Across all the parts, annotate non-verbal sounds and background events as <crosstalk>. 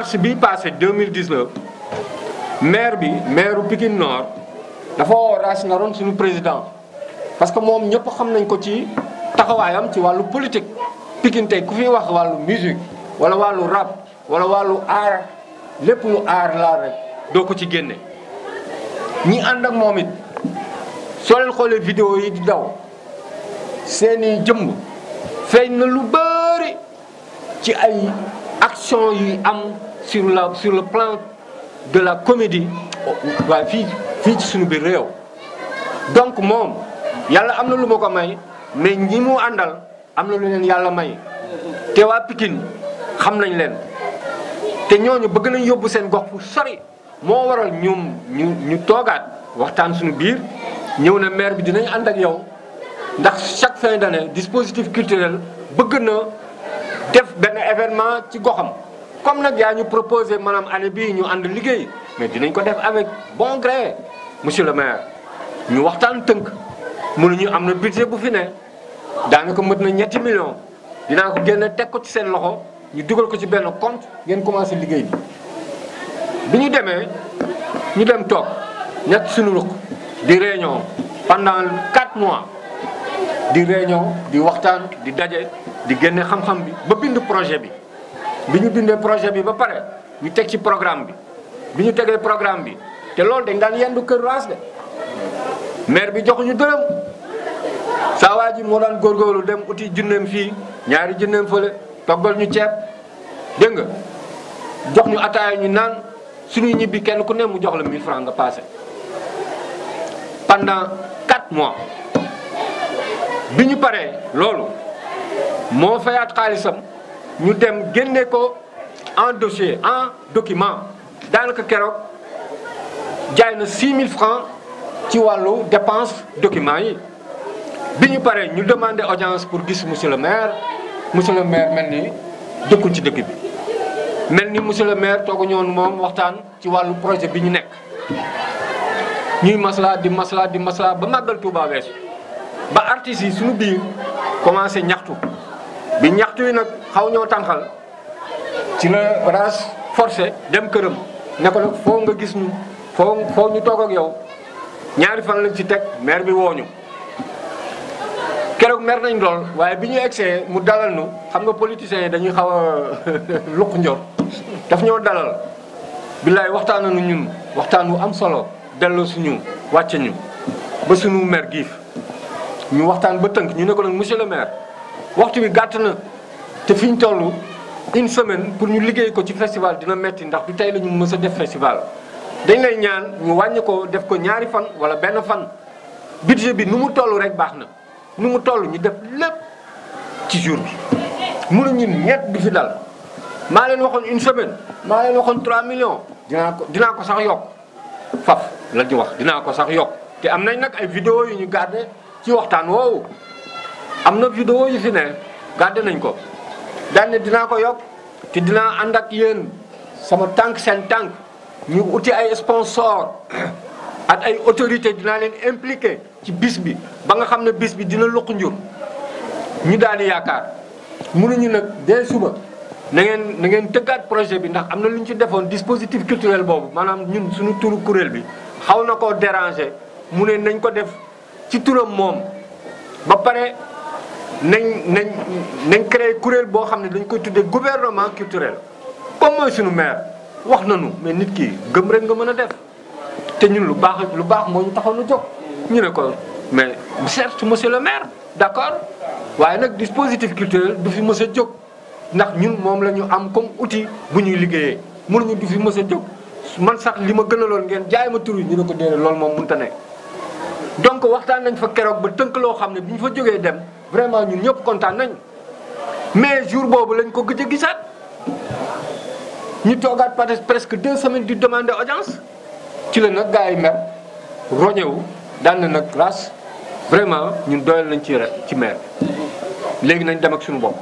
mars bi passé 2019 maire bi maire Pikine Nord dafa woo Racine Arone suñu président parce que mom ñepp xam nañ ko ci taxawayam ci walu politique Pikine tay ku fi wax walu musique wala walu rap wala walu art lepp lu art la rek do ko ci génne ñi and ak momit so len xolé vidéo yi di daw seeni jëm feeñ na lu bëri ci ay action yu am sur le plan de la comédie oh, donc mon yalla y a lu ko may mais ñi mu andal amna lu leen yalla may te wa Pikine xam nañ leen te ñoñu bëgg nañ yobbu seen gox fu sori nous waral ñum ñu ñu waxtaan biir na bi dinañ yow ndax chaque fin d'année dispositif culturel bëgg na def ben événement ci goxam comme nag yaa ñu proposé maanaam année bii ñu ànd liggéey mais dinañ ko def avec bon gré monsieur le maire ñu waxtaan tënk mënuñu am na budget bu fi ne daanaka mët na ñetti millions dinaa ko génne teg ko ci seen loxo ñu dugal ko ci benn compte ngeen commencé liggéey bi. bi ñu ñu dem toog ñett suñu rukk di réunion pendant quatre mois di réunion di waxtaan di daje di génne xam-xam bi ba bind projet bi. Bini ñu bindee projet bi ba pare ñu program ci programme bi bi ñu tegee programme bi te loolu dañ daan yendu kër raas de maire bi joxuñu dërëm saa waa ji moo daan góorgóorlu dem uti junneem fii ñaari junneem fële toggal ñu ceeb dégg nga jox ñu ataaya ñu naan suñuy ñibbi kenn ku ne mu jox la 1000 francs nga passé pendant 4 mois bi ñu loolu moo fayaat xaalisam Nous avons un en dossier en document dans le 6 000 6000 francs qui walu dépense document yi demandons paré ñu demandé audience pour gis monsieur le maire monsieur le maire melni ci bi le maire waxtaan ci projet biñu ñuy masla di masla di masla ba Touba ba yi suñu biir bi ñaxtu yi nag xaw ñoo tànqal ci la race forcé dem këram ne nag foo nga gis ñu foo foo ñu toog ak yow ñaari fan lañ ci teg maire bi wooñu keroog meer nañ lool waaye bi ñu egsee mu dalal nu xam nga politiciens yi dañuy xaw a <laughs> luq njor daf ñoo dalal billaay waxtaan nu ñun waxtaan wu am solo delloo suñu wàcce ñu ba suñu meer giif ñu waxtaan ba tënk ñu ne ko nag monsieur le maire waxtu wi gàtt na te fi ñu toll une semaine pour ñu liggéey ko ci festival dina metti ndax du tey la ñu mës a def festival. dañ lay ñaan ñu wàññi def ko ñaari fan wala benn fan budget bi nu mu tollu rek baax na nu mu toll ñu def lépp ci jour bi. mënuñu ñett du fi dal maa leen waxoon une semaine maa leen waxoon 3 millions dinaa ko dinaa ko sax yokk faf la di wax dinaa ko sax yokk te am nañ nag ay vidéo yu ñu gardé ci waxtaan woowu. am na vidéo yu fi ne gàdde nañ ko daan ne dinaa ko yokk te dinaa ànd ak yéen sama tànk seen tànk ñu uti ay sponsor <clears throat> ak ay autorité dinaa leen impliqué ci bis bi ba nga xam ne bis bi dina luq njur ñu daal di yaakaar mënuñu nag dès suba na ngeen na ngeen tëggaat projet bi ndax am na lu ñu ci defoon dispositif culturel boobu maanaam ñun suñu turu kuréel bi xaw na ko déranger mu ne nañ ko def ci turam moom ba pare nañ nañ nañ créé kuréel boo xam ne dañ koy tuddee gouvernement culturel comme mooy suñu maire wax nañu mais nit ki gëm rek nga mën a def te ñun lu baax lu baax moo ñu taxaw na jóg ñu ne ko mais certes monsieur le maire d'accord waaye nag dispositif culturel du fi mës a jóg ndax ñun moom la ñu am comme outil bu ñuy liggéeyee mënuñu du fi mës a jóg man sax li ma gën gënaloon ngeen jaay ma tur ñu ne ko déedéet loolu moom mënta ne donc waxtaan nañ fa keroog ba tënk loo xam ne bi ñu fa jógee dem vraiment ñun ñëpp kontaan nañ mais jour boobu lañ ko gëj a gisaat ñu toogaat presque deux semaines di demander audience ci la nag gars yi mer roñewu daan na nag race vraiment ñun doyal nañ ci ci maire léegi nañ dem ak suñu bopp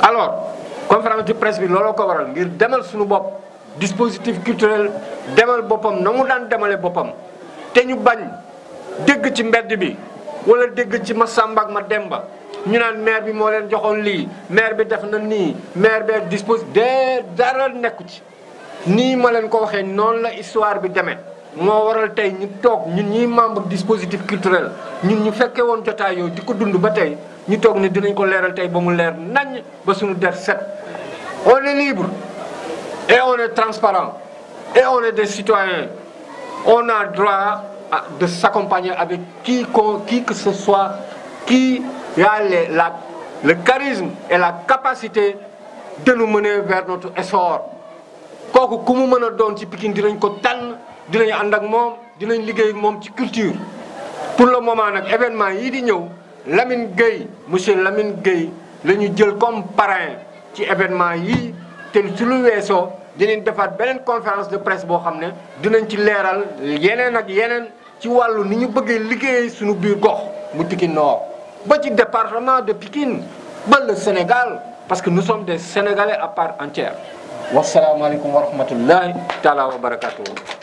alors conférence de presse bi looloo ko waral ngir demal suñu dispositif culturel demal boppam na mu daan demale boppam ñu bañ dégg ci mbedd bi wala dégg ci ma Samba ak ma Demba ñu naan maire bi moo leen joxoon lii maire bi def na nii maire bee dispose de dara nekku ci nii ma leen ko waxee noonu la histoire bi demee moo waral tey ñu toog ñun ñuy membre dispositif culturel ñun ñu fekkee woon jotaay yooyu di ko dund ba tey ñu toog ni dinañ ko leeral tey ba mu leer naññ ba suñu der set on est libre et on est transparent et on est des citoyens on a droit de s'accompagner avec qui, qui que ce soit qui a le le charisme et la capacité de nous mener vers notre essor kooku ku mu mën a doon ci Pikine dinañ ko tànn dinañ ànd ak moom dinañ liggéey ak ci culture pour le moment nag événement yii di ñëw Lamine Gueye monsieur Lamine Gueye la jël comme parrain ci événement yii te su lu weesoo dinañ defaat beneen conférence de presse boo xam ne dinañ ci leeral yeneen ak yeneen ci walu ni ñu bëggee liggéey suñu biir gox mu Pikine Nord ba ci département de Pikine ba le Sénégal parce que nous sommes des Sénégalais à part entière wasalaamaaleykum wa rahmatullahi taala wa barakatuh